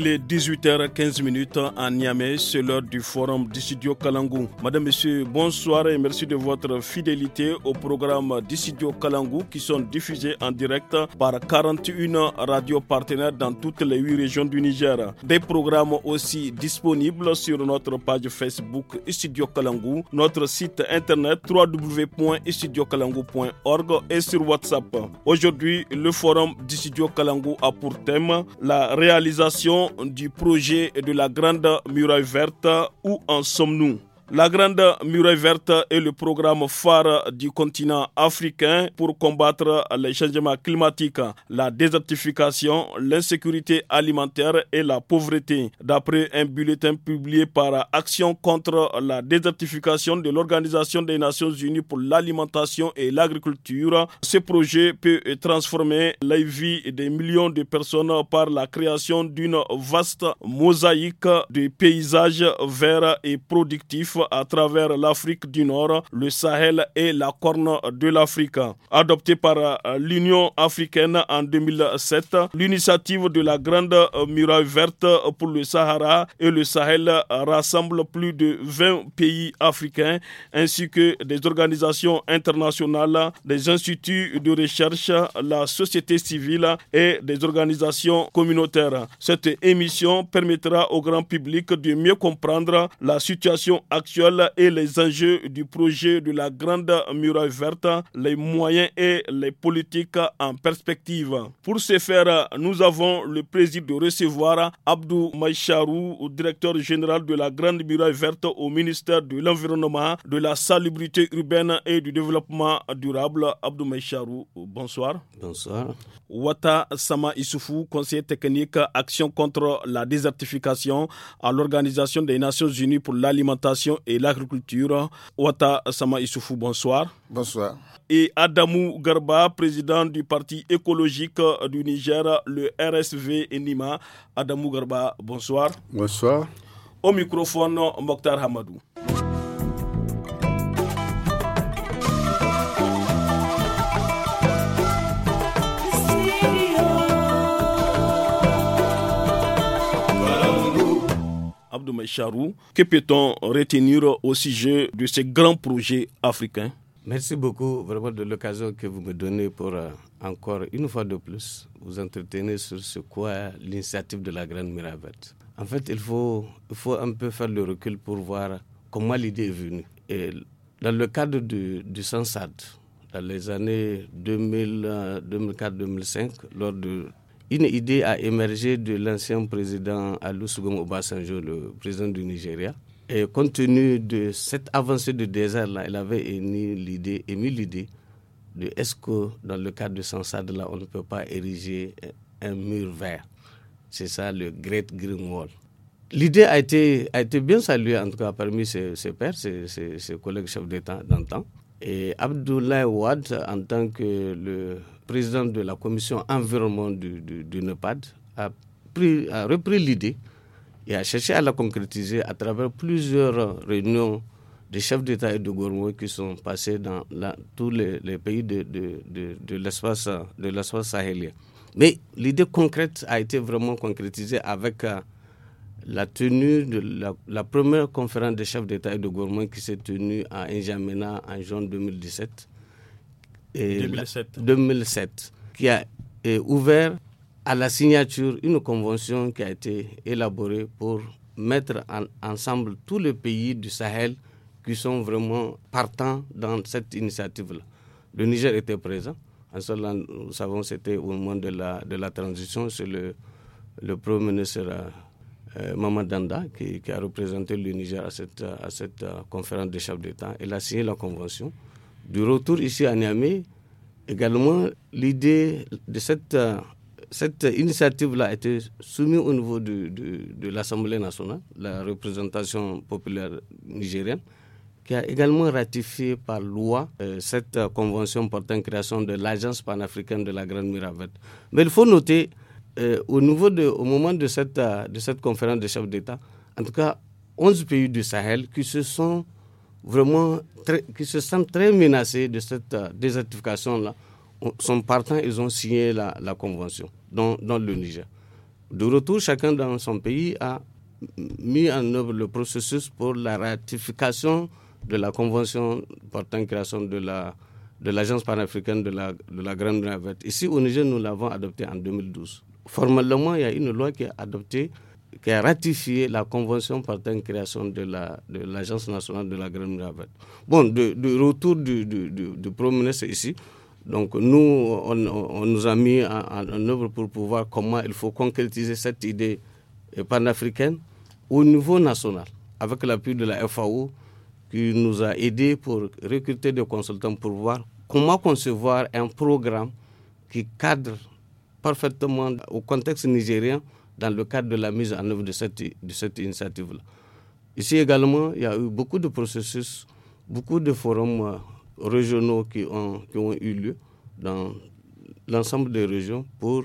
Il est 18h15 en Niamey, c'est l'heure du forum Dissidio Kalangou. Madame, Monsieur, bonsoir et merci de votre fidélité au programme Dissidio Kalangou qui sont diffusés en direct par 41 radios partenaires dans toutes les 8 régions du Niger. Des programmes aussi disponibles sur notre page Facebook Studio Kalangou, notre site internet www.studiokalangou.org et sur WhatsApp. Aujourd'hui, le forum Dissidio Kalangou a pour thème la réalisation du projet de la Grande Muraille Verte, où en sommes-nous la Grande Muraille Verte est le programme phare du continent africain pour combattre les changements climatiques, la désertification, l'insécurité alimentaire et la pauvreté. D'après un bulletin publié par Action contre la désertification de l'Organisation des Nations Unies pour l'alimentation et l'agriculture, ce projet peut transformer la vie des millions de personnes par la création d'une vaste mosaïque de paysages verts et productifs à travers l'Afrique du Nord, le Sahel et la Corne de l'Afrique. Adopté par euh, l'Union africaine en 2007, l'initiative de la Grande Muraille verte pour le Sahara et le Sahel rassemble plus de 20 pays africains ainsi que des organisations internationales, des instituts de recherche, la société civile et des organisations communautaires. Cette émission permettra au grand public de mieux comprendre la situation actuelle et les enjeux du projet de la Grande Muraille verte, les moyens et les politiques en perspective. Pour ce faire, nous avons le plaisir de recevoir Abdou Maïcharou, directeur général de la Grande Muraille verte au ministère de l'Environnement, de la Salubrité urbaine et du Développement durable. Abdou Maïcharou, bonsoir. Bonsoir. Wata Sama Issoufou, conseiller technique Action contre la désertification à l'Organisation des Nations Unies pour l'alimentation et l'agriculture. Wata Sama Issoufou, bonsoir. Bonsoir. Et Adamou Garba, président du Parti écologique du Niger, le RSV Nima. Adamou Garba, bonsoir. Bonsoir. Au microphone, Mokhtar Hamadou. Mamadou Maïcharou, que peut-on retenir au sujet de ce grand projet africain Merci beaucoup vraiment de l'occasion que vous me donnez pour euh, encore une fois de plus vous entretenir sur ce quoi l'initiative de la Grande Miravette. En fait, il faut, il faut un peu faire le recul pour voir comment l'idée est venue. Et dans le cadre du, du Sansad, dans les années 2004-2005, euh, lors de une idée a émergé de l'ancien président Olusegun Obasanjo, le président du Nigeria. Et compte tenu de cette avancée de désert-là, il avait émis l'idée, émis l'idée de est-ce que dans le cadre de Sansad-là, on ne peut pas ériger un mur vert. C'est ça le Great Green Wall. L'idée a été, a été bien saluée, en tout cas, parmi ses, ses pairs, ses, collègues chefs d'État d'antan. Et Abdoulaye Ouad, en tant que le président de la commission environnement du, NEPAD, a, pris, a repris l'idée et a cherché à la concrétiser à travers plusieurs réunions des chefs d'État et de gouvernement qui sont passés dans la, tous les, pays de, de, l'espace sahélien. Mais l'idée concrète a été vraiment concrétisée avec euh, la tenue de la, première conférence des chefs d'État et de gouvernement qui s'est tenue à N'Djamena en juin 2017 2007. qui a euh, ouvert à la signature une convention qui a été élaborée pour mettre ensemble tous les pays du Sahel qui sont vraiment partants dans cette initiative-là. Le Niger était présent. En nous savons c'était au moment de la, transition, c'est le, le Premier ministre euh, Mamadanda qui, a représenté le Niger à cette, à cette euh, conférence des chefs d'État. Il a signé la convention du retour ici à Niamey, également, l'idée de cette, euh, initiative-là a été soumise au niveau de, de, l'Assemblée nationale, la représentation populaire nigérienne, qui a également ratifié par loi euh, cette euh, convention portant création de l'Agence panafricaine de la Grande Miravette. Mais il faut noter, au, moment de cette, de cette conférence des chefs d'État, en tout cas, 11 pays du Sahel qui se sont vraiment qui se sentent très menacés de cette euh, désertification-là, sont partants, ils ont signé la, convention dans, le Niger. De retour, chacun dans son pays a mis en œuvre le processus pour la ratification de la convention portant création de la de l'agence panafricaine de la, de la Grande Navette. Ici, au Niger, nous l'avons adoptée en 2012. Formellement, il y a une loi qui est adoptée qui a ratifié la convention portant création de l'Agence la, de nationale de la grande gravette. Bon, de, retour du, du, Premier ministre ici, donc nous, on, on nous a mis en, œuvre pour pouvoir comment il faut concrétiser cette idée panafricaine au niveau national, avec l'appui de la FAO qui nous a aidés pour recruter des consultants pour voir comment concevoir un programme qui cadre parfaitement au contexte nigérien dans le cadre de la mise en œuvre de cette, de cette initiative-là. Ici également, il y a eu beaucoup de processus, beaucoup de forums euh, régionaux qui ont, ont eu lieu dans l'ensemble des régions pour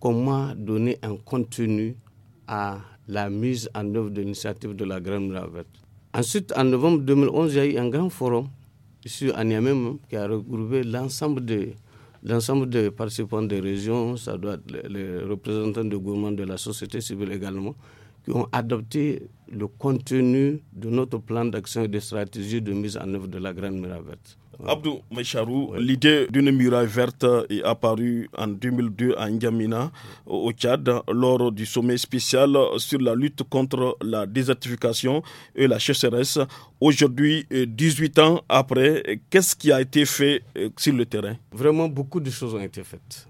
comment donner un contenu à la mise en œuvre de l'initiative de la Grande Lavette. Ensuite, en novembre 2011, il y a eu un grand forum ici à Niamey qui a regroupé l'ensemble des l'ensemble des participants des régions, ça doit être les représentants du gouvernement de la société civile également, qui ont adopté le contenu de notre plan d'action et de stratégie de mise en œuvre de la Grande miravette. Abdou Maïcharou, l'idée d'une muraille verte est apparue en 2002 à N'Djamena, au Tchad, lors du sommet spécial sur la lutte contre la désertification et la chasseresse. Aujourd'hui, 18 euh, ans après, qu'est-ce qui a été fait euh, sur le terrain Vraiment, beaucoup de choses ont été faites.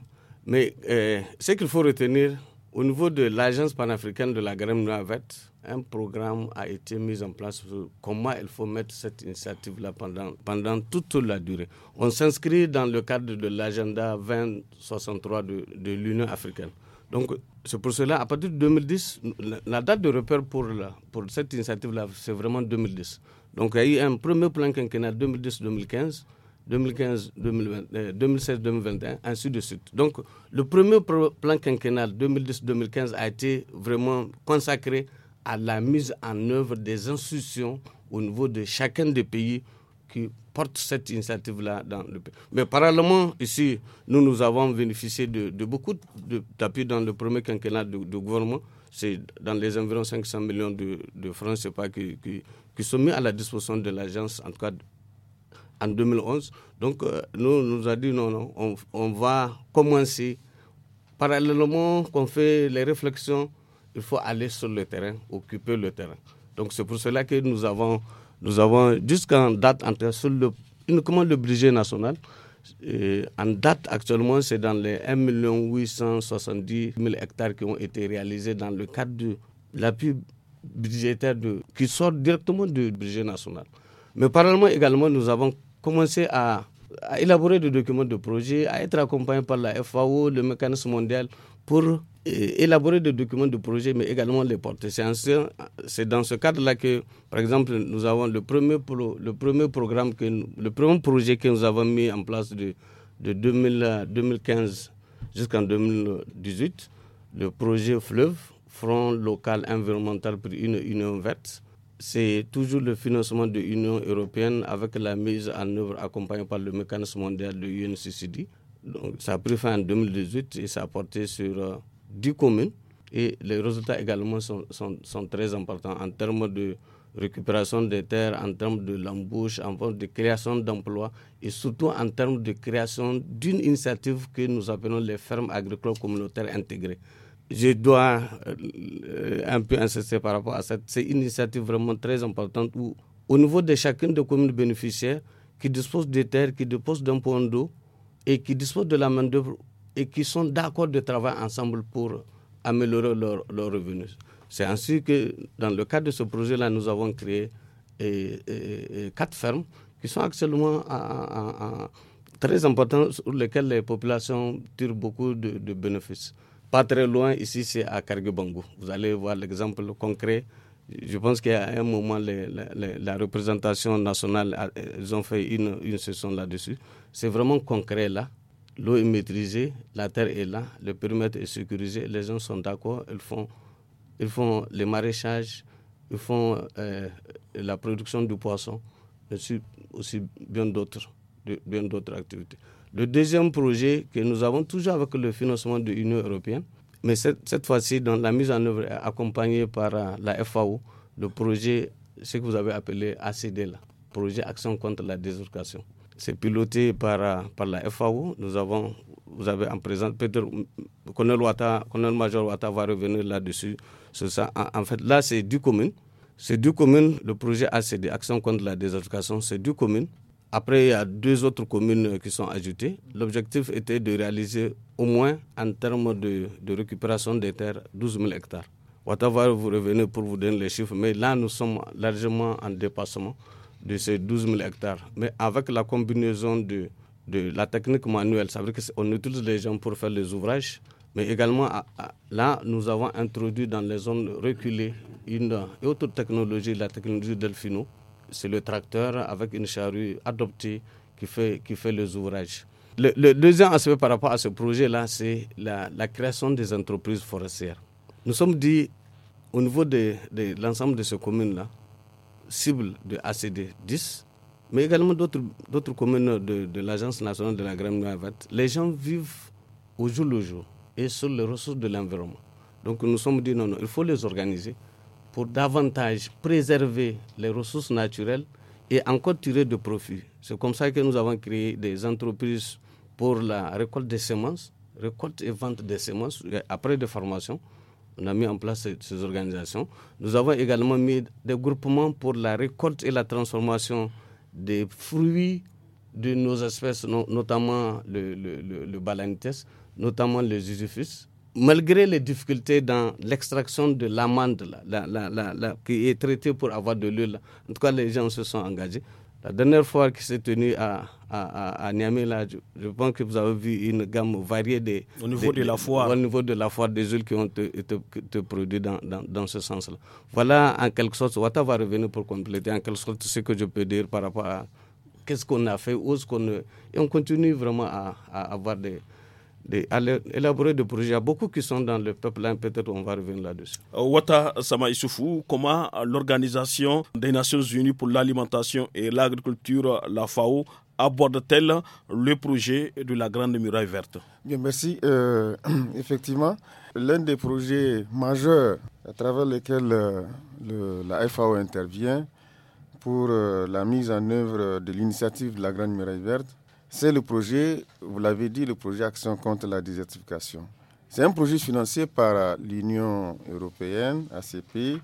Mais euh, ce qu'il faut retenir au niveau de l'Agence panafricaine de la graine verte, un programme a été mis en place sur comment il faut mettre cette initiative-là pendant, pendant toute la durée. On s'inscrit dans le cadre de l'agenda 2063 de, de l'Union africaine. Donc, c'est pour cela, à partir de 2010, la date de repère pour, la, pour cette initiative-là, c'est vraiment 2010. Donc, il y a eu un premier plan quinquennal 2010-2015. 2015-2016-2021, ainsi de suite. Donc, le premier plan quinquennal 2010-2015 a été vraiment consacré à la mise en œuvre des institutions au niveau de chacun des pays qui portent cette initiative-là dans le pays. Mais parallèlement, ici, nous, nous avons bénéficié de, de beaucoup d'appui dans le premier quinquennat du, gouvernement. C'est dans les environ 500 millions de, francs, je pas, qui, qui, qui, sont mis à la disposition de l'agence, en cas en 2011. Donc, euh, nous, nous a dit non, non, on, on va commencer parallèlement qu'on fait les réflexions il faut aller sur le terrain, occuper le terrain. Donc c'est pour cela que nous avons, nous avons jusqu'en date sur le, uniquement le budget national. Euh, en date actuellement, c'est dans les 1 870 000 hectares qui ont été réalisés dans le cadre de l'appui budgétaire de, qui sort directement du budget national. Mais parallèlement également, nous avons commencé à, à élaborer des documents de projet, à être accompagnés par la FAO, le mécanisme mondial pour euh, élaborer des documents de projet, mais également les porter. C'est dans ce cadre-là que, par exemple, nous avons le premier, le premier programme, que, le premier projet que nous avons mis en place de, 2015 jusqu'en 2018, le projet Fleuve, Front local environnemental pour une union verte. C'est toujours le financement de l'Union européenne avec la mise en œuvre accompagnée par le mécanisme mondial de l'UNCCD. Donc, ça a pris fin en 2018 et ça a porté sur 10 euh, communes. Et les résultats également sont, sont, très importants en termes de récupération des terres, en termes de l'embauche, en termes de création d'emplois et surtout en termes de création d'une initiative que nous appelons les fermes agricoles communautaires intégrées. Je dois euh, un peu insister par rapport à cette, cette, initiative vraiment très importante où, au niveau de chacune des communes bénéficiaires qui disposent des terres, qui disposent d'un point d'eau, et qui disposent de la main-d'œuvre et qui sont d'accord de travailler ensemble pour améliorer leurs revenus. C'est ainsi que, dans le cadre de ce projet-là, nous avons créé quatre fermes qui sont actuellement très importantes, sur lesquelles les populations tirent beaucoup de, bénéfices. Pas très loin, ici, c'est à Cargubango. Vous allez voir l'exemple concret je pense qu'à un moment, la représentation nationale, ils ont fait une, session là-dessus. C'est vraiment concret là. L'eau est maîtrisée, la terre est là, le périmètre est sécurisé, les gens sont d'accord, ils font, ils font les maraîchages, ils font euh, la production du poisson, mais aussi, aussi bien d'autres bien d'autres activités. Le deuxième projet que nous avons toujours avec le financement de l'Union européenne, mais cette, cette fois-ci, la mise en œuvre est accompagnée par euh, la FAO, le projet, ce que vous avez appelé ACD, projet Action contre la désertification. C'est piloté par, euh, par la FAO. Nous avons, vous avez en présent, peut-être Colonel Colonel Major va revenir là-dessus. ça. En, fait, là, c'est du commun. C'est du commun, le projet ACD, Action contre la désertification, c'est du commun. Après, il y a deux autres communes euh, qui sont ajoutées. L'objectif était de réaliser au moins, en termes de, récupération des terres, 12 000 hectares. Ouattara vous revenez pour vous donner les chiffres, mais là, nous sommes largement en dépassement de ces 12 000 hectares. Mais avec la combinaison de, la technique manuelle, ça veut dire qu'on utilise les gens pour faire les ouvrages, mais également, là, nous avons introduit dans les zones reculées une, une autre technologie, la technologie Delphino, c'est le tracteur avec une charrue adoptée qui fait, qui fait les ouvrages. Le, deuxième aspect par rapport à ce projet-là, c'est la, la, création des entreprises forestières. Nous sommes dit, au niveau de, de l'ensemble de ces communes-là, cible de ACD 10, mais également d'autres communes de, de l'Agence nationale de la graine les gens vivent au jour le jour et sur les ressources de l'environnement. Donc nous sommes dit, non, non, il faut les organiser pour davantage préserver les ressources naturelles et encore tirer de profit. C'est comme ça que nous avons créé des entreprises pour la récolte des semences, récolte et vente des semences, après des formations. On a mis en place ces organisations. Nous avons également mis des groupements pour la récolte et la transformation des fruits de nos espèces, notamment le, le, le, le balanites, notamment les malgré les difficultés dans l'extraction de l'amande qui est traitée pour avoir de l'huile, en tout cas, les gens se sont engagés. La dernière fois qui s'est tenue à, à, à, Niamey, là, je, pense que vous avez vu une gamme variée au, niveau de la foire. au niveau de la foire des huiles qui ont été produites dans, dans, ce sens-là. Voilà en quelque sorte, Wata va revenir pour compléter en quelque sorte ce que je peux dire par rapport à qu'est-ce qu'on a fait, où ce qu'on... Et on continue vraiment à, à avoir des élaborer des projets. Il y a beaucoup qui sont dans le pipeline, peut-être on va revenir là-dessus. Wata euh, Sama comment l'Organisation des Nations Unies pour l'alimentation et l'agriculture, la FAO, aborde-t-elle le projet de la Grande Muraille Verte merci. Euh, effectivement, l'un des projets majeurs à travers lesquels euh, la FAO intervient pour la mise en œuvre de l'initiative de la Grande Muraille Verte, c'est le projet, vous l'avez dit, le projet Action contre la désertification. C'est un projet financé par l'Union européenne, ACP,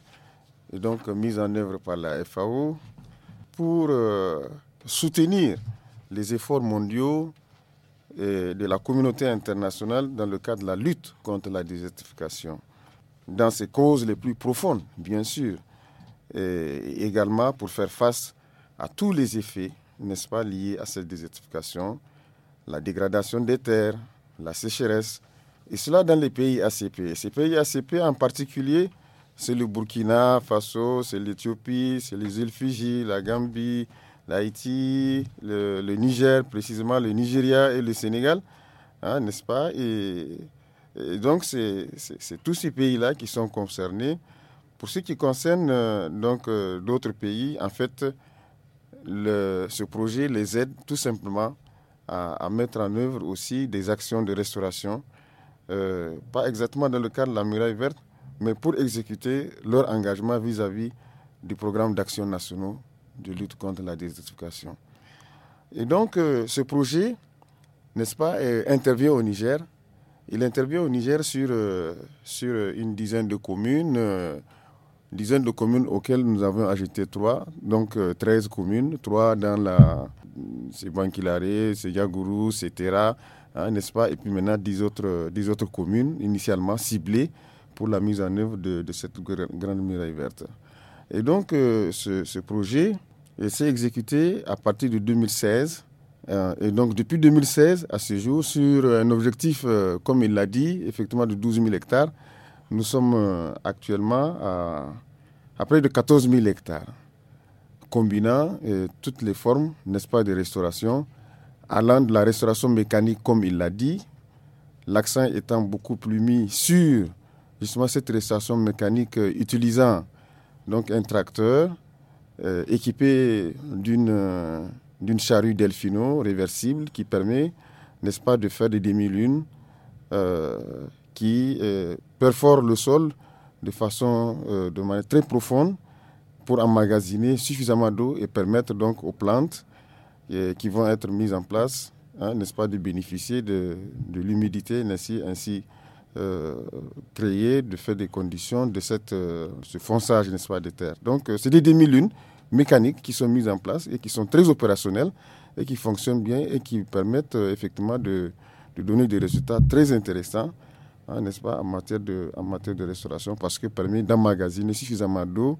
et donc mis en œuvre par la FAO pour euh, soutenir les efforts mondiaux de la communauté internationale dans le cadre de la lutte contre la désertification, dans ses causes les plus profondes, bien sûr, et également pour faire face à tous les effets n'est-ce pas, liées à cette désertification, la dégradation des terres, la sécheresse, et cela dans les pays ACP. Ces pays ACP en particulier, c'est le Burkina Faso, c'est l'Éthiopie, c'est les îles Fiji, la Gambie, l'Haïti, le, Niger, précisément le Nigeria et le Sénégal, hein, n'est-ce pas et, donc, c'est tous ces pays-là qui sont concernés. Pour ce qui concerne euh, donc euh, d'autres pays, en fait, ce projet les aide tout simplement à, mettre en œuvre aussi des actions de restauration, euh, pas exactement dans le cadre de la muraille verte, mais pour exécuter leur engagement vis-à-vis du programme d'action nationaux de lutte contre la désertification. Et donc, euh, ce projet, n'est-ce pas, intervient au Niger. Il intervient au Niger sur, euh, sur une dizaine de communes dizaines de communes auxquelles nous avons ajouté trois, donc 13 euh, communes, trois dans la. C'est Bankilare, c'est Yagourou, c'est hein, n'est-ce pas Et puis maintenant 10 autres, autres communes initialement ciblées pour la mise en œuvre de, cette grande muraille verte. Et donc euh, ce, projet s'est exécuté à partir de 2016. Euh, et donc depuis 2016 à ce jour, sur un objectif, comme il l'a dit, effectivement de 12 000 hectares. Nous sommes euh, actuellement à, près de 14 000 hectares, combinant euh, toutes les formes, n'est-ce pas, de restauration, allant de la restauration mécanique, comme il l'a dit, l'accent étant beaucoup plus mis sur justement cette restauration mécanique euh, utilisant donc un tracteur équipé d'une d'une charrue delphino réversible qui permet, n'est-ce pas, de faire des demi-lunes qui euh, perforent le sol de façon euh, de manière très profonde pour emmagasiner suffisamment d'eau et permettre donc aux plantes euh, qui vont être mises en place, hein, n'est-ce pas, de bénéficier de, de l'humidité ainsi, ainsi euh, créée, de faire des conditions de cette, ce fonçage, n'est-ce pas, des terres. Donc c'est des demi-lunes mécaniques qui sont mises en place et qui sont très opérationnelles et qui fonctionnent bien et qui permettent effectivement de, de donner des résultats très intéressants Hein, n'est-ce pas, en matière, de, en matière de restauration, parce que permet d'emmagasiner suffisamment d'eau.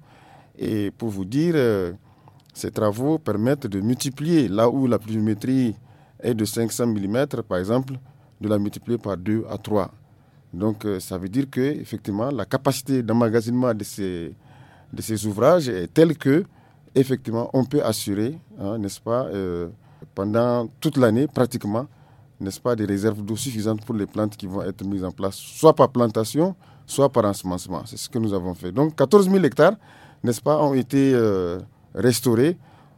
Et pour vous dire, euh, ces travaux permettent de multiplier là où la pluviométrie est de 500 mm, par exemple, de la multiplier par 2 à 3. Donc, euh, ça veut dire que effectivement, la capacité d'emmagasinement de ces, de ces ouvrages est telle que, effectivement, on peut assurer, hein, n'est-ce pas, euh, pendant toute l'année pratiquement, n'est-ce pas, des réserves d'eau suffisantes pour les plantes qui vont être mises en place, soit par plantation, soit par ensemencement. C'est ce que nous avons fait. Donc 14 000 hectares, n'est-ce pas, ont été euh, restaurés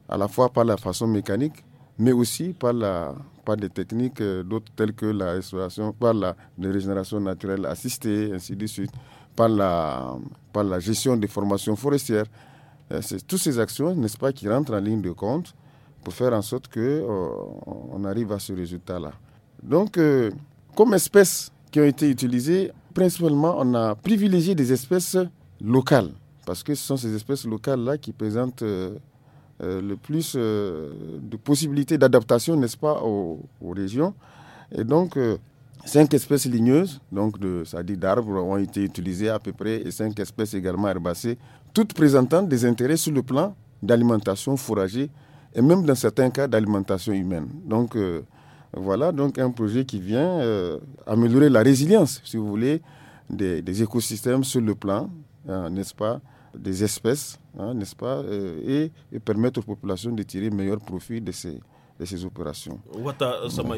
à la fois par la façon mécanique, mais aussi par, la, par des techniques euh, d'autres telles que la restauration, par la régénération naturelle assistée, ainsi de suite, par la, par la gestion des formations forestières. Euh, c'est toutes ces actions, n'est-ce pas, qui rentrent en ligne de compte pour faire en sorte qu'on on arrive à ce résultat-là. Donc, euh, comme espèces qui ont été utilisées, principalement, on a privilégié des espèces locales, parce que ce sont ces espèces locales-là qui présentent euh, euh, le plus de possibilités d'adaptation, n'est-ce pas, aux, régions. Et donc, cinq espèces ligneuses, donc de, ça dit d'arbres, ont été utilisées à peu près, et cinq espèces également herbacées, toutes présentant des intérêts sur le plan d'alimentation fourragée, et même dans certains cas d'alimentation humaine. Donc, voilà donc un projet qui vient euh, améliorer la résilience, si vous voulez, des, écosystèmes sur le plan, hein, n'est-ce pas, des espèces, hein, n'est-ce pas, euh, et, et, permettre aux populations de tirer meilleur profit de ces, de ces opérations. ça euh, Sama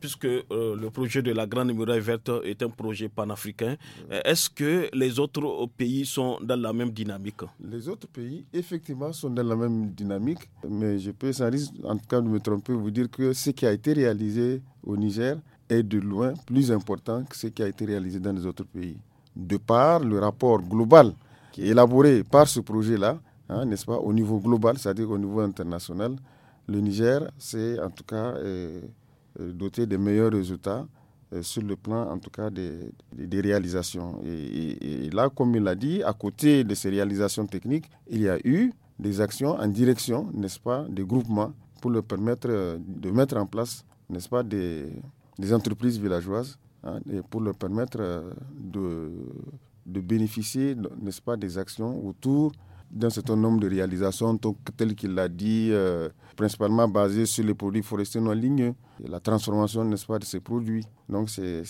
puisque euh, le projet de la Grande Muraille Verte est un projet panafricain, euh, est-ce que les autres pays sont dans la même dynamique Les autres pays, effectivement, sont dans la même dynamique, mais je peux, sans risque, en tout cas de me tromper, vous dire que ce qui a été réalisé au Niger est de loin plus important que ce qui a été réalisé dans les autres pays. De par le rapport global qui est élaboré par ce projet-là, hein, n'est-ce pas, au niveau global, c'est-à-dire au niveau international, le Niger s'est en tout cas euh, euh, doté des meilleurs résultats euh, sur le plan en tout cas des, réalisations. Et, là, comme il l'a dit, à côté de ces réalisations techniques, il y a eu des actions en direction, n'est-ce pas, des groupements pour leur permettre de mettre en place, n'est-ce pas, des, entreprises villageoises hein, et pour leur permettre de, de bénéficier, n'est-ce pas, des actions autour d'un certain nombre de réalisations telles qu'il l'a dit, euh, principalement basées sur les produits forestiers non ligneux, la transformation, n'est-ce pas, de ces produits. Donc, c'est,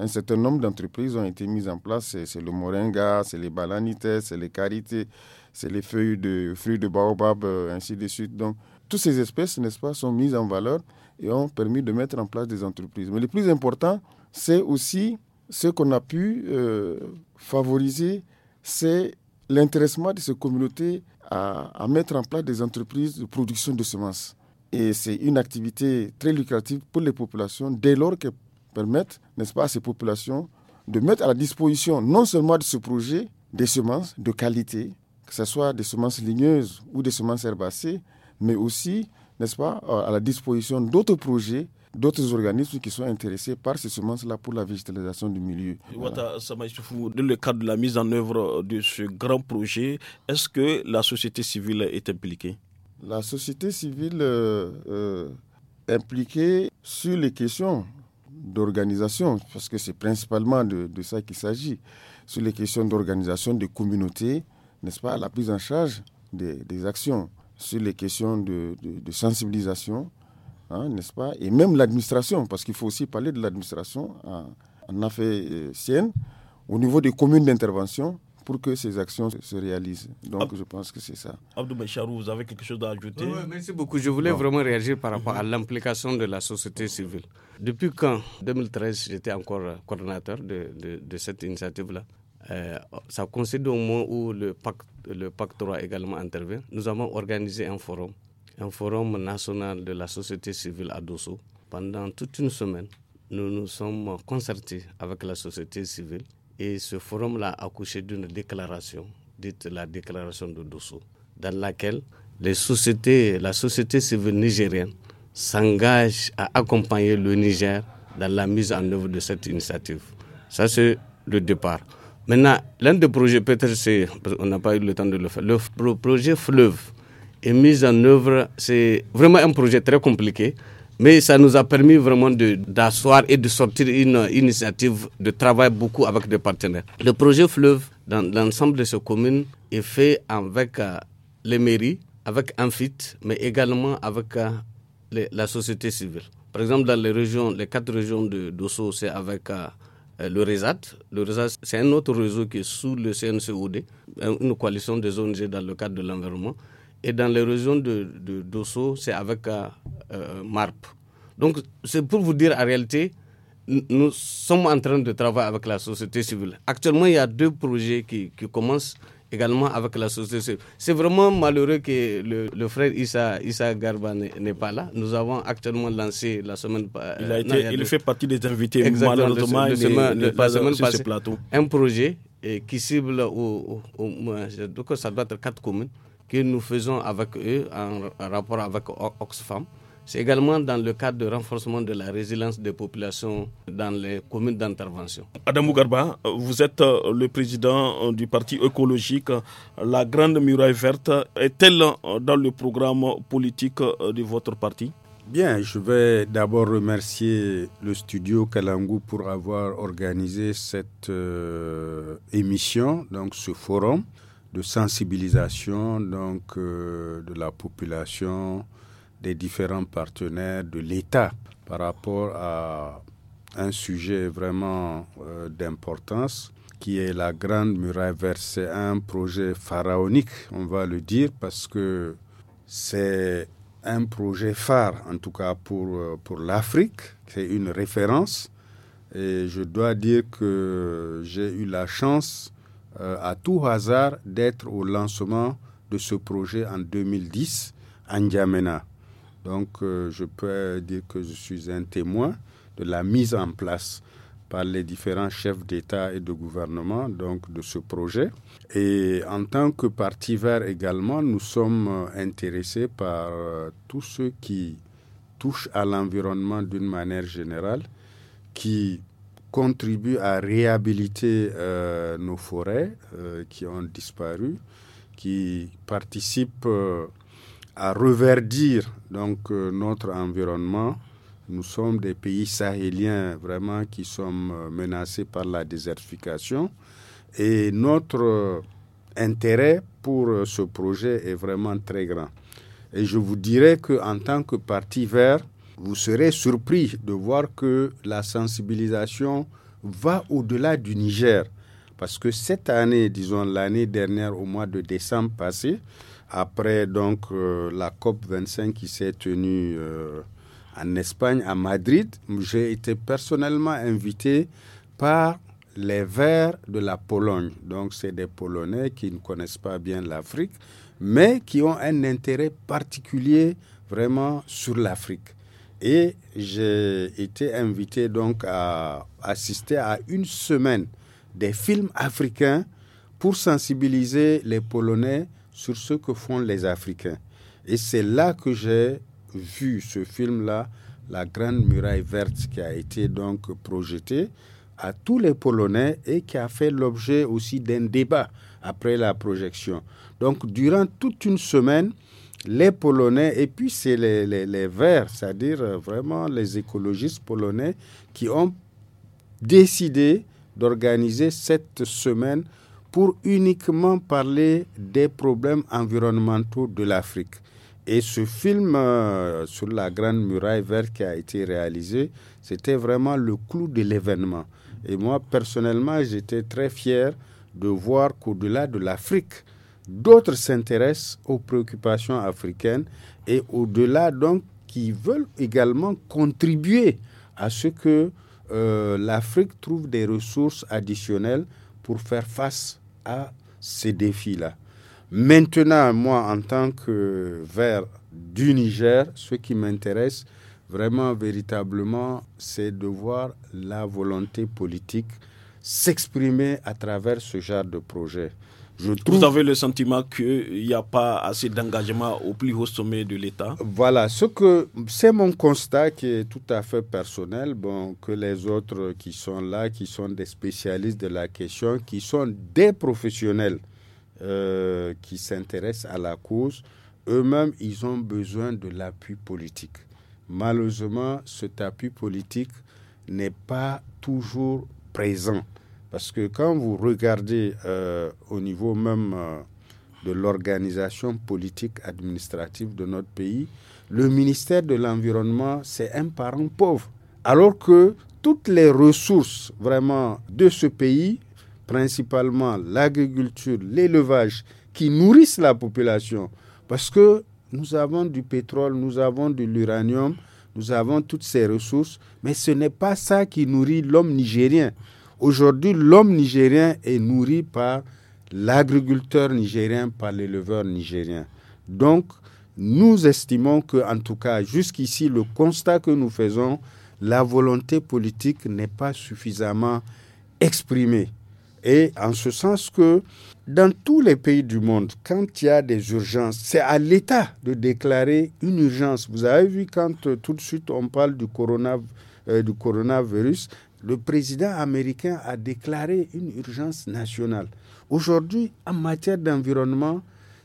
un certain nombre d'entreprises ont été mises en place. C'est, le moringa, c'est les balanites, c'est les carités, c'est les feuilles de fruits de baobab, euh, ainsi de suite. Donc, toutes ces espèces, n'est-ce pas, sont mises en valeur et ont permis de mettre en place des entreprises. Mais le plus important, c'est aussi ce qu'on a pu euh, favoriser, c'est l'intéressement de ces communautés à, mettre en place des entreprises de production de semences. Et c'est une activité très lucrative pour les populations dès lors qu'elles permettent, n'est-ce pas, à ces populations de mettre à la disposition non seulement de ce projet des semences de qualité, que ce soit des semences ligneuses ou des semences herbacées, mais aussi, n'est-ce pas, euh, à la disposition d'autres projets d'autres organismes qui sont intéressés par ces semences-là pour la végétalisation du milieu. Voilà. Dans le cadre de la mise en œuvre de ce grand projet, est-ce que la société civile est impliquée La société civile euh, euh impliquée sur les questions d'organisation, parce que c'est principalement de, ça qu'il s'agit, sur les questions d'organisation des communautés, n'est-ce pas, la prise en charge des, actions, sur les questions de sensibilisation, Hein, n'est-ce pas Et même l'administration, parce qu'il faut aussi parler de l'administration en, a affaires siennes, au niveau des communes d'intervention, pour que ces actions se réalisent. Donc, je pense que c'est ça. Abdou Bacharou, vous avez quelque chose à ajouter oui, Merci beaucoup. Je voulais vraiment réagir par rapport à mhm. l'implication de la société civile. Depuis quand 2013, j'étais encore coordonnateur de, de, cette initiative-là. Euh, ça concède au moment où le pacte, le pacte 3 également intervient. Nous avons organisé un forum un forum national de la société civile à Dosso. Pendant toute une semaine, nous nous sommes concertés avec la société civile et ce forum-là a accouché d'une déclaration, dite la déclaration de Dosso, dans laquelle la société civile nigérienne s'engage à accompagner le Niger dans la mise en œuvre de cette initiative. Ça, c'est le départ. Maintenant, l'un des projets, peut-être, c'est... on n'a pas eu le temps de le faire, le projet Fleuve est mise en œuvre. C'est vraiment un projet très compliqué, mais ça nous a permis vraiment d'asseoir et de sortir une, initiative de travail beaucoup avec des partenaires. Le projet Fleuve, dans l'ensemble de ces communes, est fait avec euh, les mairies, avec Amphit, mais également avec euh, la société civile. Par exemple, dans les régions, les quatre régions de Dosso, c'est avec euh, le RESAT. Le RESAT, c'est un autre réseau qui est sous le CNCOD, une coalition des ONG dans le cadre de l'environnement. Et dans les régions de, Dosso, c'est avec euh, euh, MARP. Donc, c'est pour vous dire en réalité, nous sommes en train de travailler avec la société civile. Actuellement, il y a deux projets qui, commencent également avec la société civile. C'est vraiment malheureux que le, frère Issa, Issa Garba n'est pas là. Nous avons actuellement lancé la semaine passée. Il, a euh, été, il, fait partie des invités, malheureusement, il semaine plateau. Un projet qui cible, au, au, au, ça doit être quatre communes que nous faisons avec eux en rapport avec Oxfam. C'est également dans le cadre de renforcement de la résilience des populations dans les communes d'intervention. Adam Garba, vous êtes euh, le président euh, du Parti écologique. La Grande Muraille Verte est-elle euh, dans le programme politique de votre parti Bien, je vais d'abord remercier le studio Kalangu pour avoir organisé cette émission, donc ce forum de sensibilisation donc, euh, de la population, des différents partenaires, de l'État par rapport à un sujet vraiment euh, d'importance qui est la Grande Muraille versée un projet pharaonique, on va le dire, parce que c'est un projet phare, en tout cas pour, euh, pour l'Afrique. C'est une référence. Et je dois dire que j'ai eu la chance euh, à tout hasard d'être au lancement de ce projet en 2010 à N'Djamena. Donc euh, je peux dire que je suis un témoin de la mise en place par les différents chefs d'État et de gouvernement donc de ce projet. Et en tant que parti vert également, nous sommes euh, intéressés par tout tous ceux qui touchent à l'environnement d'une manière générale, qui contribue à réhabiliter euh, nos forêts euh, qui ont disparu, qui participent euh, à reverdir donc notre environnement. Nous sommes des pays sahéliens vraiment qui sommes menacés par la désertification et notre intérêt pour ce projet est vraiment très grand. Et je vous dirais qu'en tant que parti vert, vous serez surpris de voir que la sensibilisation va au-delà du Niger. Parce que cette année, disons l'année dernière, au mois de décembre passé, après donc euh, la COP 25 qui s'est tenue euh, en Espagne, à Madrid, j'ai été personnellement invité par les Verts de la Pologne. Donc, c'est des Polonais qui ne connaissent pas bien l'Afrique, mais qui ont un intérêt particulier vraiment sur l'Afrique. Et j'ai été invité donc à assister à une semaine des films africains pour sensibiliser les Polonais sur ce que font les Africains. Et c'est là que j'ai vu ce film-là, La Grande Muraille Verte, qui a été donc projeté à tous les Polonais et qui a fait l'objet aussi d'un débat après la projection. Donc durant toute une semaine, les Polonais, et puis c'est les, les, Verts, c'est-à-dire euh, vraiment les écologistes polonais qui ont décidé d'organiser cette semaine pour uniquement parler des problèmes environnementaux de l'Afrique. Et ce film euh, sur la Grande Muraille Verte qui a été réalisé, c'était vraiment le clou de l'événement. Et moi, personnellement, j'étais très fier de voir qu'au-delà de l'Afrique, D'autres s'intéressent aux préoccupations africaines et au-delà, donc, qui veulent également contribuer à ce que euh, l'Afrique trouve des ressources additionnelles pour faire face à ces défis-là. Maintenant, moi, en tant que vert du Niger, ce qui m'intéresse vraiment, véritablement, c'est de voir la volonté politique s'exprimer à travers ce genre de projet. Vous avez le sentiment qu'il n'y a pas assez d'engagement au plus haut sommet de l'État Voilà, ce que c'est mon constat qui est tout à fait personnel, bon, que les autres qui sont là, qui sont des spécialistes de la question, qui sont des professionnels euh, qui s'intéressent à la cause, eux-mêmes, ils ont besoin de l'appui politique. Malheureusement, cet appui politique n'est pas toujours présent. Parce que quand vous regardez euh, au niveau même euh, de l'organisation politique administrative de notre pays, le ministère de l'Environnement, c'est un parent pauvre. Alors que toutes les ressources vraiment de ce pays, principalement l'agriculture, l'élevage, qui nourrissent la population, parce que nous avons du pétrole, nous avons de l'uranium, nous avons toutes ces ressources, mais ce n'est pas ça qui nourrit l'homme nigérien. Aujourd'hui, l'homme nigérien est nourri par l'agriculteur nigérien, par l'éleveur nigérien. Donc, nous estimons que, en tout cas, jusqu'ici, le constat que nous faisons, la volonté politique n'est pas suffisamment exprimée. Et en ce sens que dans tous les pays du monde, quand il y a des urgences, c'est à l'État de déclarer une urgence. Vous avez vu quand euh, tout de suite on parle du, corona, euh, du coronavirus, le président américain a déclaré une urgence nationale. Aujourd'hui, en matière d'environnement,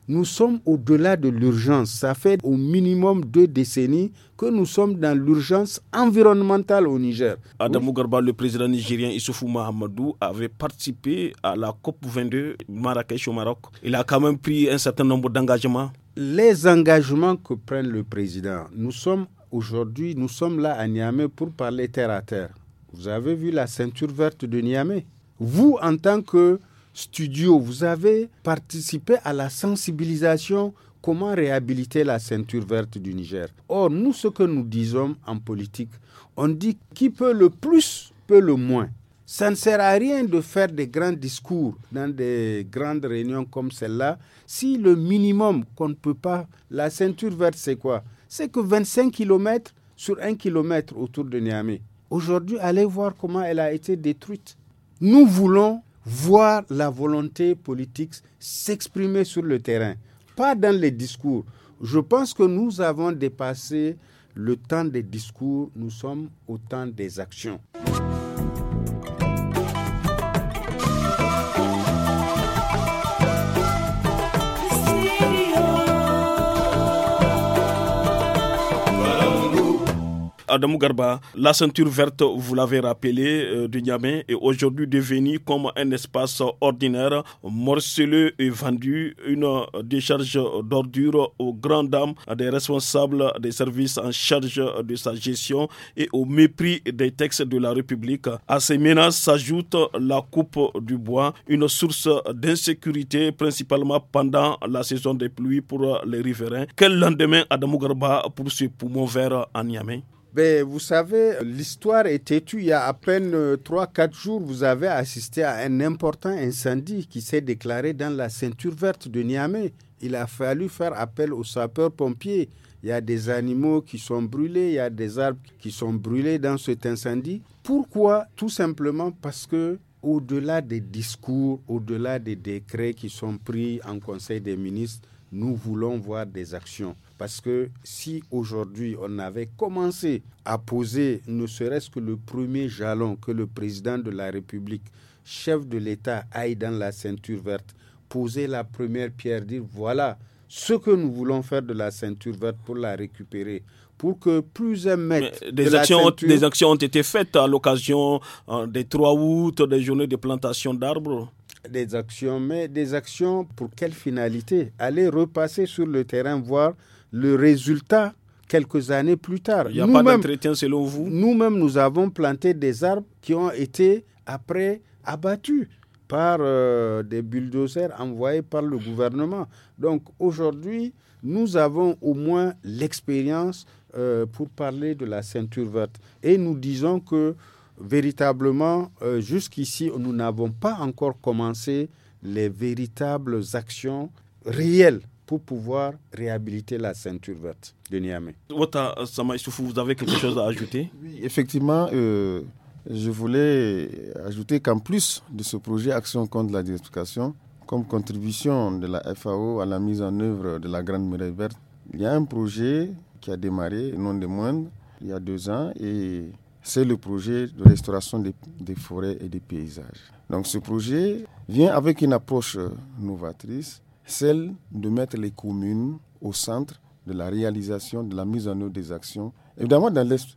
nous sommes au-delà de l'urgence. Ça fait au minimum deux décennies que nous sommes dans l'urgence environnementale au Niger. Adam Garba, le président nigérien Issoufou Mahamadou, avait participé à la COP22 Marrakech au Maroc. Il a quand même pris un certain nombre d'engagements. Les engagements que prend le président, nous sommes aujourd'hui, nous sommes là à Niamey pour parler terre à terre. Vous avez vu la ceinture verte de Niamey. Vous, en tant que studio, vous avez participé à la sensibilisation comment réhabiliter la ceinture verte du Niger. Or, nous, ce que nous disons en politique, on dit qui peut le plus, peut le moins. Ça ne sert à rien de faire des grands discours dans des grandes réunions comme celle-là si le minimum qu'on ne peut pas... La ceinture verte, c'est quoi C'est que 25 km sur 1 km autour de Niamey. Aujourd'hui, allez voir comment elle a été détruite. Nous voulons voir la volonté politique s'exprimer sur le terrain, pas dans les discours. Je pense que nous avons dépassé le temps des discours, nous sommes au temps des actions. Adamou Garba, la ceinture verte, vous l'avez rappelé, euh, de Niamey est aujourd'hui devenue comme un espace ordinaire, morceleux et vendu, une décharge d'ordures aux grandes dames des responsables des services en charge de sa gestion et au mépris des textes de la République. À ces menaces s'ajoute la coupe du bois, une source d'insécurité principalement pendant la saison des pluies pour les riverains. Quel lendemain Adamou Garba pour ce poumon vert à Niamey ben, vous savez, l'histoire est têtue. Il y a à peine 3-4 euh, jours, vous avez assisté à un important incendie qui s'est déclaré dans la ceinture verte de Niamey. Il a fallu faire appel aux sapeurs-pompiers. Il y a des animaux qui sont brûlés, il y a des arbres qui sont brûlés dans cet incendie. Pourquoi Tout simplement parce que au-delà des discours, au-delà des décrets qui sont pris en Conseil des ministres, nous voulons voir des actions. Parce que si aujourd'hui on avait commencé à poser ne serait-ce que le premier jalon que le président de la République, chef de l'État, aille dans la ceinture verte, poser la première pierre, dire voilà ce que nous voulons faire de la ceinture verte pour la récupérer, pour que plus un mètre. des, actions, des actions ont été faites à l'occasion hein, des 3 août, des journées de plantation d'arbres des actions, mais des actions pour quelle finalité Aller repasser sur le terrain, voir le résultat quelques années plus tard. Il n'y a pas d'entretien selon vous Nous-mêmes, nous avons planté des arbres qui ont été après abattus par euh, des bulldozers envoyés par le gouvernement. Donc aujourd'hui, nous avons au moins l'expérience euh, pour parler de la ceinture verte. Et nous disons que véritablement, euh, jusqu'ici, nous n'avons pas encore commencé les véritables actions réelles pour pouvoir réhabiliter la ceinture verte de Niamey. vous avez quelque chose à ajouter Oui, effectivement, euh, je voulais ajouter qu'en plus de ce projet Action contre la désertification, comme contribution de la FAO à la mise en œuvre de la Grande Muraille verte, il y a un projet qui a démarré, non des moindres, il y a deux ans, et c'est le projet de restauration des, forêts et des paysages. Donc ce projet vient avec une approche euh, novatrice, celle de mettre les communes au centre de la réalisation, de la mise en œuvre des actions, évidemment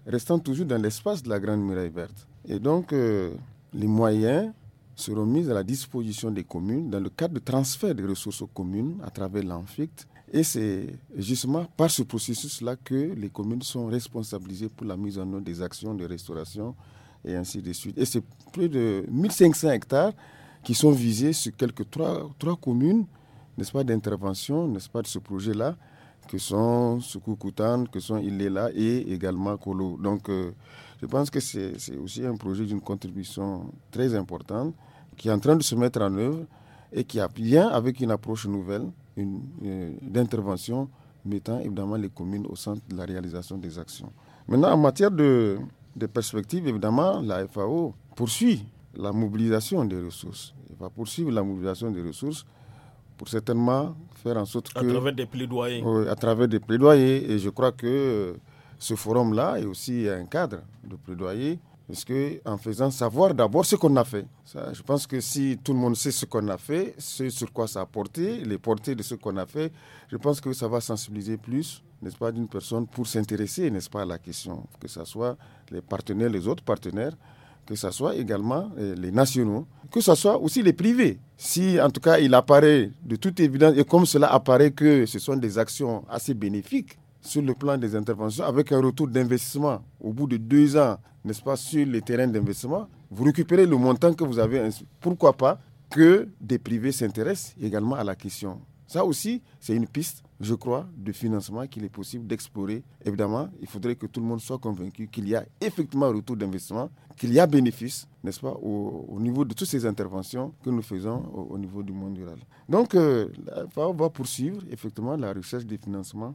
restant toujours dans l'espace de la Grande Muraille Verte. Et donc euh, les moyens seront mis à la disposition des communes dans le cadre de transfert des ressources aux communes à travers l'ANFICT et c'est justement par ce processus-là que les communes sont responsabilisées pour la mise en œuvre des actions de restauration et ainsi de suite. Et c'est plus de 1500 hectares qui sont visés sur quelques trois, trois communes, n'est-ce pas, d'intervention, n'est-ce pas, de ce projet-là, que sont Soukoukoutan, que sont Ilela et également Kolo. Donc, euh, je pense que c'est aussi un projet d'une contribution très importante qui est en train de se mettre en œuvre et qui a bien avec une approche nouvelle euh, d'intervention mettant évidemment les communes au centre de la réalisation des actions. Maintenant, en matière de, de perspective, évidemment, la FAO poursuit la mobilisation des ressources. Elle va poursuivre la mobilisation des ressources pour certainement faire en sorte que... À travers des plaidoyers. à travers des plaidoyers. Et je crois que euh, ce forum-là est aussi un cadre de plaidoyer parce que en faisant savoir d'abord ce qu'on a fait, je pense que si tout le monde sait ce qu'on a fait, ce sur quoi ça a porté, les portées de ce qu'on a fait, je pense que ça va sensibiliser plus, n'est-ce pas, d'une personne pour s'intéresser, n'est-ce pas, à la question, que ce soit les partenaires, les autres partenaires, que ce soit également eh, les nationaux, que ce soit aussi les privés. Si en tout cas il apparaît de toute évidence, et comme cela apparaît que ce sont des actions assez bénéfiques sur le plan des interventions avec un retour d'investissement au bout de deux ans, n'est-ce pas, sur les terrains d'investissement, vous récupérez le montant que vous avez. Pourquoi pas que des privés s'intéressent également à la question Ça aussi, c'est une piste, je crois, de financement qu'il est possible d'explorer. Évidemment, il faudrait que tout le monde soit convaincu qu'il y a effectivement un retour d'investissement, qu'il y a bénéfice, n'est-ce pas, au, niveau de toutes ces interventions que nous faisons au, niveau du monde rural. Donc, euh, on va poursuivre effectivement la recherche des financements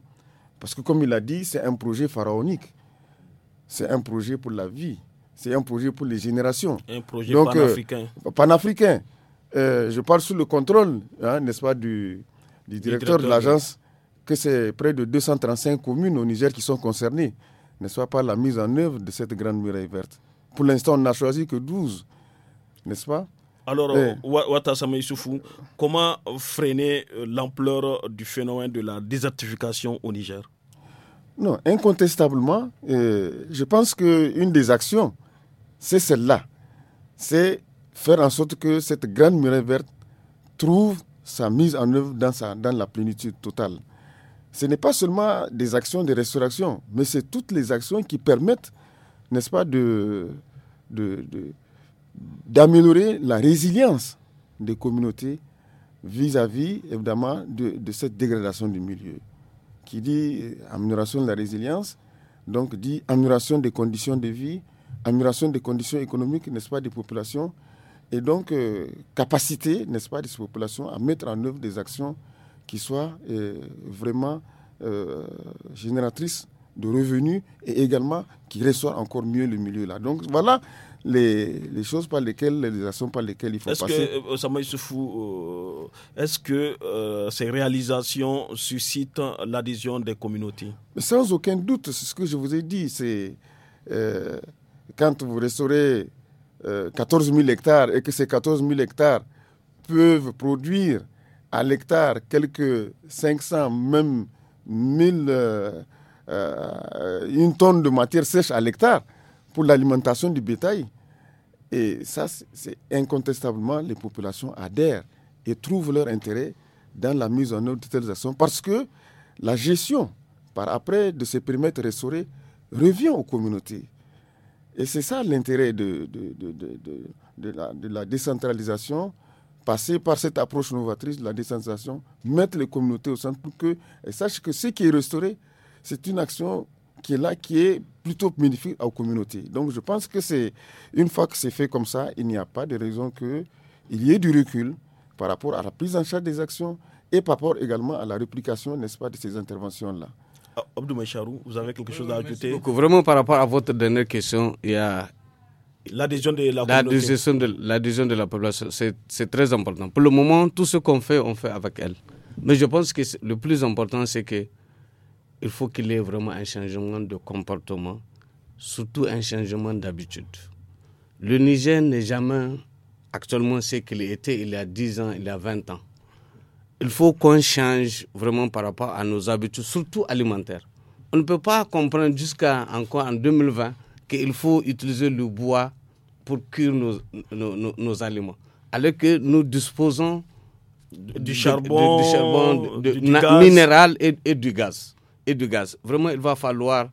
parce que comme il a dit, c'est un projet pharaonique. C'est un projet pour la vie. C'est un projet pour les générations. Un projet euh, panafricain. panafricain. Euh, je parle sous le contrôle, hein, n'est-ce pas, du, directeur, directeur de l'agence, que c'est près de 235 communes au Niger qui sont concernées, n'est-ce pas, par la mise en œuvre de cette grande muraille verte. Pour l'instant, on n'a choisi que 12, n'est-ce pas alors, euh, Watasama Issoufou, comment freiner euh, l'ampleur du phénomène de la désertification au Niger Non, incontestablement, euh, je pense qu'une des actions, c'est celle-là. C'est faire en sorte que cette grande muraille verte trouve sa mise en œuvre dans, sa, dans la plénitude totale. Ce n'est pas seulement des actions de restauration, mais c'est toutes les actions qui permettent, n'est-ce pas, de, de d'améliorer la résilience des communautés vis-à-vis, évidemment, de, cette dégradation du milieu. Qui dit euh, amélioration de la résilience, donc dit amélioration des conditions de vie, amélioration des conditions économiques, n'est-ce pas, des populations, et donc euh, capacité, n'est-ce pas, des populations à mettre en œuvre des actions qui soient euh, vraiment génératrices de revenus et également qui ressortent encore mieux le milieu là. Donc voilà les, choses par lesquelles, les réalisations par lesquelles il faut est passer. Que, euh, euh, est-ce que euh, ces réalisations suscitent l'adhésion des communautés Sans aucun doute, c'est ce que je vous ai dit. C'est quand vous restaurez 14 000 hectares et que ces 14 000 hectares peuvent produire à l'hectare quelques 500, même 1000, une tonne de matière sèche à l'hectare pour l'alimentation du bétail. Et ça, c'est incontestablement, les populations adhèrent et trouvent leur intérêt dans la mise en œuvre de telles actions parce que la gestion, par après, de permettre de restaurer, revient aux communautés. Et c'est ça l'intérêt de, de, la, de, la, décentralisation, passer par cette approche novatrice de la décentralisation, mettre les communautés au centre pour qu'elles sachent que ce qui est restauré, c'est une action qui est là, qui est plutôt bénéfique aux communautés. Donc je pense que c'est une fois que c'est fait comme ça, il n'y a pas de raison qu'il y ait du recul par rapport à la prise en charge des actions et par rapport également à la réplication, n'est-ce pas, de ces interventions-là. Ah, Abdou Maïcharou, vous avez quelque chose à euh, ajouter Vraiment, par rapport à votre dernière question, il y a l'adhésion de la l'adhésion de, l'adhésion de la population. C'est, très important. Pour le moment, tout ce qu'on fait, on fait avec elle. Mais je pense que le plus important, c'est que il faut qu'il y ait vraiment un changement de comportement, surtout un changement d'habitude. Le Niger n'est jamais actuellement ce qu'il était il y a 10 ans, il y a 20 ans. Il faut qu'on change vraiment par rapport à nos habitudes, surtout alimentaires. On ne peut pas comprendre jusqu'à encore en 2020 qu'il faut utiliser le bois pour cuire nos, aliments. Alors que nous disposons du charbon, du, charbon, minéral et du gaz et du gaz. Vraiment, il va falloir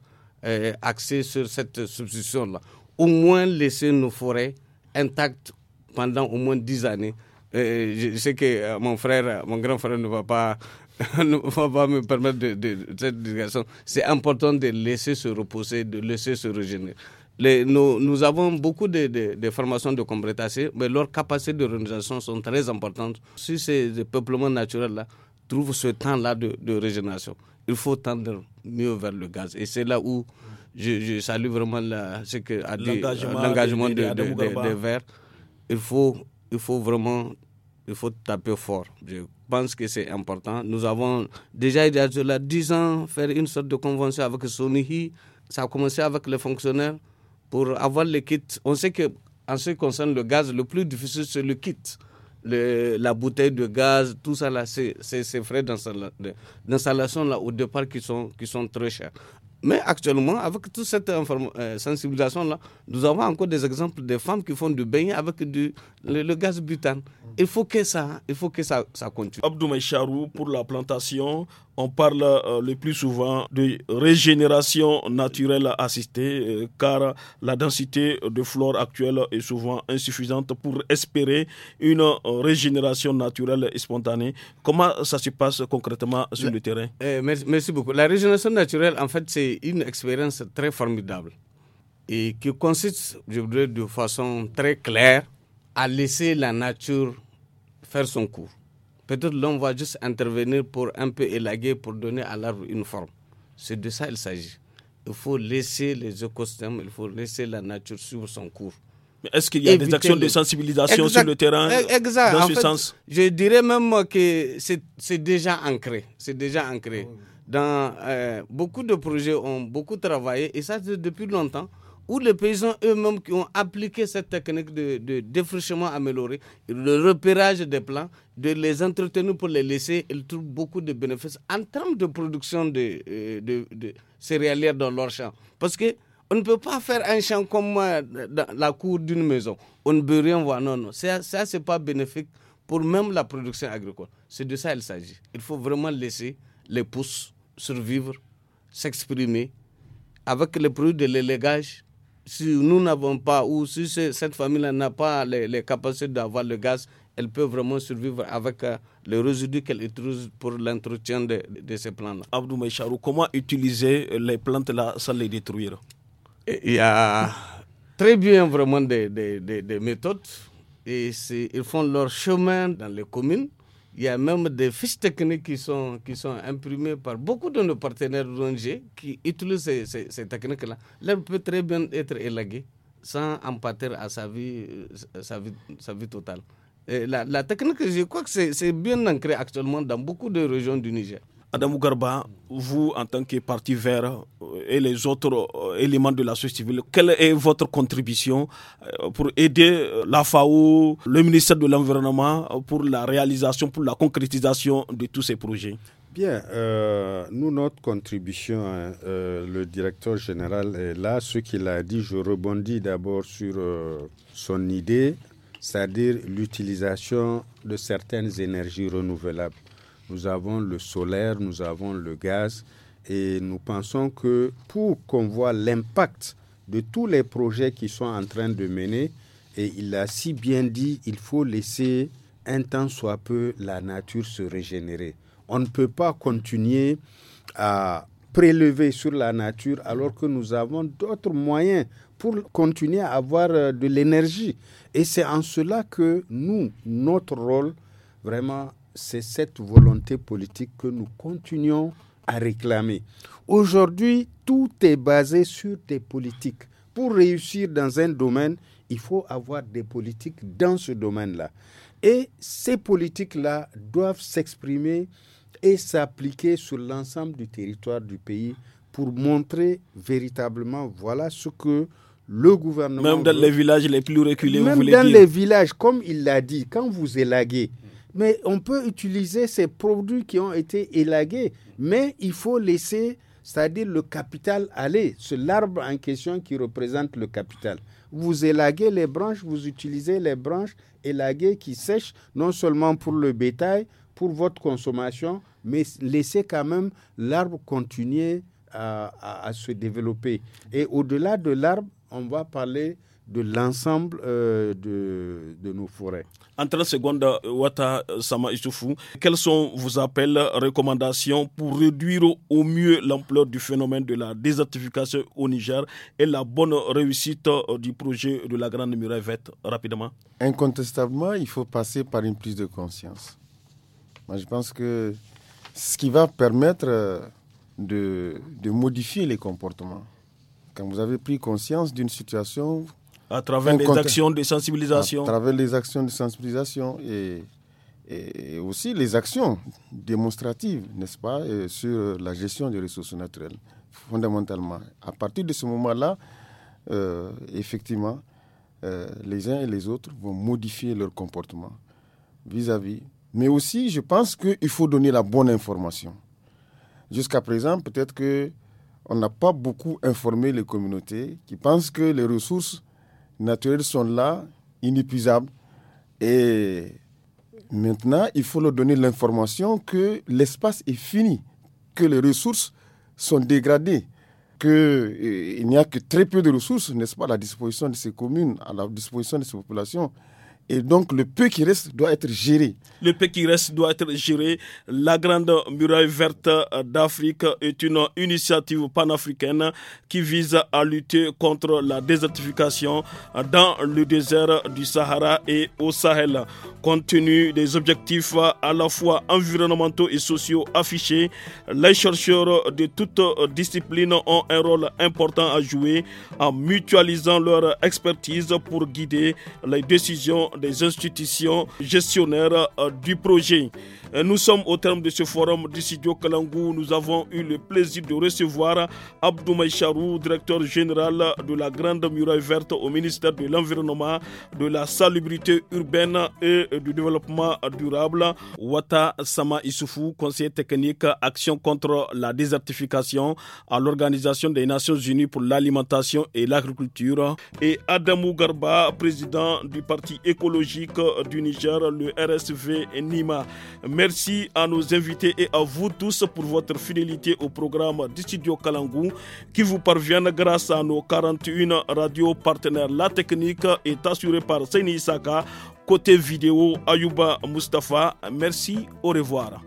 euh, axer sur cette substitution-là. Au moins laisser nos forêts intactes pendant au moins 10 années. Euh, je sais que euh, mon frère, mon grand frère ne va pas, va pas me permettre de, de, cette discussion. C'est important de laisser se reposer, de laisser se régénérer. Les, nous, avons beaucoup de, formations de combrètacées, mais leurs capacités de régénération sont très importantes. Sur ces peuplements naturels-là, trouve ce temps-là de, régénération. Il faut tendre mieux vers le gaz. Et c'est là où je, salue vraiment la, ce que l'engagement euh, des, Verts. Il faut, il faut vraiment il faut taper fort. Je pense que c'est important. Nous avons déjà, il y a de 10 ans, faire une sorte de convention avec Sonihi. Ça a commencé avec les fonctionnaires pour avoir les kits. On sait que en ce qui concerne le gaz, le plus difficile, c'est le kit la bouteille de gaz, tout ça c'est frais d'installation-là au départ qui sont, qui sont très chers. Mais actuellement, avec toute cette euh, sensibilisation-là, nous avons encore des exemples de femmes qui font du bain avec du, le, gaz butane. Il faut que ça, il faut que ça, ça continue. Abdou Mecharou, pour la plantation, on parle euh, le plus souvent de régénération naturelle assistée, euh, car la densité de flore actuelle est souvent insuffisante pour espérer une euh, régénération naturelle et spontanée. Comment ça se passe concrètement sur le terrain eh, beaucoup. La régénération naturelle, en fait, c'est une expérience très formidable et qui consiste, je voudrais, de façon très claire à laisser la nature faire son cours. Peut-être l'on va juste intervenir pour un peu élaguer, pour donner à l'arbre une forme. C'est de ça qu'il s'agit. Il faut laisser les écosystèmes, il faut laisser la nature suivre son cours. est-ce qu'il y a des actions de sensibilisation sur le terrain eh, exact. dans sens Je dirais même que c'est déjà ancré. C'est déjà ancré. Ah dans, euh, beaucoup de projets ont beaucoup travaillé, et ça depuis longtemps, où les paysans eux-mêmes qui ont appliqué cette technique de, défrichement amélioré, le repérage des plants, de les entretenir pour les laisser, ils trouvent beaucoup de bénéfices en termes de production de, euh, de, céréalières dans leur champ. Parce que on ne peut pas faire un champ comme moi dans la cour d'une maison. On ne peut rien voir. Non, non. Ça, ça ce n'est pas bénéfique pour même la production agricole. C'est de ça qu'il s'agit. Il faut vraiment laisser les pousses survivre, s'exprimer avec les produits de l'élégage si nous n'avons pas, ou si cette famille là n'a pas les, capacités d'avoir le gaz, elle peut vraiment survivre avec euh, les résidus résidu qu'elle utilise pour l'entretien de, ces plantes. Abdou Maïcharou, comment utiliser euh, les plantes là sans les détruire Il y a très bien vraiment des, des, des, des méthodes et ils font leur chemin dans les communes. Il y a même des fiches techniques qui sont, qui sont imprimées par beaucoup de nos partenaires ONG qui utilisent ces, ces, techniques-là. L'herbe peut très bien être élagué sans en à euh, sa vie, sa vie, sa totale. Et la, la, technique, je crois que c'est bien ancré actuellement dans beaucoup de régions du Niger. Madame Garba, vous, en tant que parti vert euh, et les autres euh, éléments de la société civile, quelle est votre contribution euh, pour aider la FAO, le ministère de l'Environnement pour la réalisation, pour la concrétisation de tous ces projets Bien, nous, notre contribution, hein, le directeur général est là. Ce qu'il a dit, je rebondis d'abord sur son idée, c'est-à-dire l'utilisation de certaines énergies renouvelables nous avons le solaire, nous avons le gaz. Et nous pensons que pour qu'on voit l'impact de tous les projets qui sont en train de mener, et il a si bien dit, il faut laisser un temps soit peu la nature se régénérer. On ne peut pas continuer à prélever sur la nature alors que nous avons d'autres moyens pour continuer à avoir euh, de l'énergie. Et c'est en cela que nous, notre rôle, vraiment, c'est cette volonté politique que nous continuons à réclamer. Aujourd'hui, tout est basé sur des politiques. Pour réussir dans un domaine, il faut avoir des politiques dans ce domaine-là. Et ces politiques-là doivent s'exprimer et s'appliquer sur l'ensemble du territoire du pays pour montrer véritablement voilà ce que le gouvernement. Même dans les villages les plus reculés, même vous dans dire. les villages, comme il l'a dit, quand vous élaguez, mais on peut utiliser ces produits qui ont été élagués, mais il faut laisser, c'est-à-dire le capital aller, c'est l'arbre en question qui représente le capital. Vous élaguez les branches, vous utilisez les branches élaguées qui sèchent, non seulement pour le bétail, pour votre consommation, mais laissez quand même l'arbre continuer à, à se développer. Et au-delà de l'arbre, on va parler de l'ensemble euh, de, de, nos forêts. En 30 secondes, Wata euh, euh, Sama Isufu, quelles sont vos appels, recommandations pour réduire au mieux l'ampleur du phénomène de la désertification au Niger et la bonne réussite du projet de la Grande Muraille Verte rapidement Incontestablement, il faut passer par une prise de conscience. Moi, je pense que ce qui va permettre de, de modifier les comportements, quand vous avez pris conscience d'une situation, à travers les actions de sensibilisation. À travers les actions de sensibilisation et, aussi les actions démonstratives, n'est-ce pas, euh, sur la gestion des ressources naturelles, fondamentalement. À partir de ce moment-là, euh, effectivement, euh, les uns et les autres vont modifier leur comportement vis-à-vis. Mais aussi, je pense qu'il faut donner la bonne information. Jusqu'à présent, peut-être que on n'a pas beaucoup informé les communautés qui pensent que les ressources naturels sont là, inépuisables. Et maintenant, il faut leur donner l'information que l'espace est fini, que les ressources sont dégradées, qu'il euh, il n'y a que très peu de ressources, n'est-ce pas, à la disposition de ces communes, à la disposition de ces populations. Et donc, le peu qui reste doit être géré. Le peu qui reste doit être géré. La Grande Muraille Verte d'Afrique est une initiative panafricaine qui vise à lutter contre la désertification dans le désert du Sahara et au Sahel. Compte tenu des objectifs à la fois environnementaux et sociaux affichés, les chercheurs de toutes disciplines ont un rôle important à jouer en mutualisant leur expertise pour guider les décisions des institutions gestionnaires euh, du projet. Euh, nous sommes au terme de ce forum d'Issidio Kalangu Nous avons eu le plaisir de recevoir Abdou Charou, directeur général de la Grande Muraille Verte au ministère de l'Environnement, de la Salubrité Urbaine et du Développement Durable. Wata Sama Issoufou, conseiller technique Action contre la désertification à l'Organisation des Nations Unies pour l'Alimentation et l'Agriculture. Et Adamou Garba, président du parti Éco du Niger, le RSV Nima. Merci à nos invités et à vous tous pour votre fidélité au programme du studio Kalangou qui vous parvient grâce à nos 41 radios partenaires. La technique est assurée par Seni Isaka. Côté vidéo, Ayuba Mustafa. Merci, au revoir.